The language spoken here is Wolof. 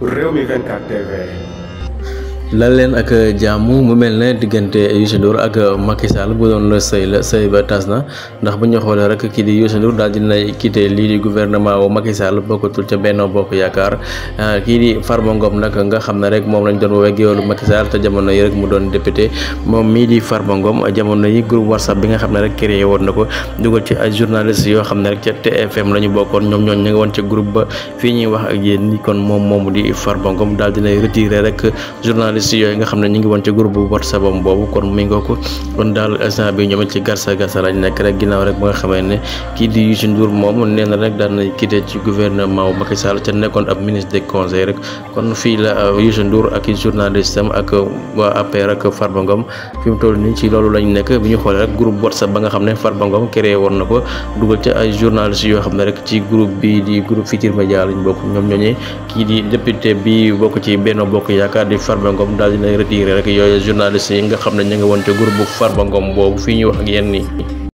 Rewmi 24 TV lan leen ak jàmm mu mel ne diggante Youssou Ndour ak Macky Sall bu doon la sëy la sëy ba tas na ndax bu ñu xoolee rek kii di Youssou Ndour daal dina quitté lii di gouvernement wu Macky Sall bokkatul ca benn Bokk Yaakaar ah, kii di far Ngom nag nga xam ne rek moom lañu doon woowee géwélu Macky Sall te jamono yi rek mu doon député moom mii di Farba Ngom jamono yi groupe WhatsApp bi nga xam ne rek créé woon na ko dugal ci ay journalistes yoo xam ne rek ca TFM la ñu bokkoon ñoom ñooñu ñu nga woon ca groupe ba fii ñuy wax ak yéen ñi kon moom moomu di Farba Ngom daal dinay rek journaliste yooyu nga xam ne ñu ngi woon ci groupe bu whatsapp am boobu kon mi ngoo ko kon daal instant bi ñoom ci garsa garsa lañ nekk rek ginnaaw rek ba nga xamee ne kii di Youssou Ndour moom nee rek daan na quitté ci gouvernement Macky euh, ak journaliste am ak euh, waa APR ak Farba Ngom fi mu nii ci loolu lañ nekk bi ñu xoolee rek groupe whatsapp ba nga xam ne Farba Ngom créé woon na ko dugal ca ay journaliste yoo xam ne rek ci groupe bi di groupe Futurs Médias lañ bokk ñoom daal dinay retiré rek yooyu journaliste yi nga xam ne ñu ngi woon ca groupe boobu fi ñu wax ak yéen nii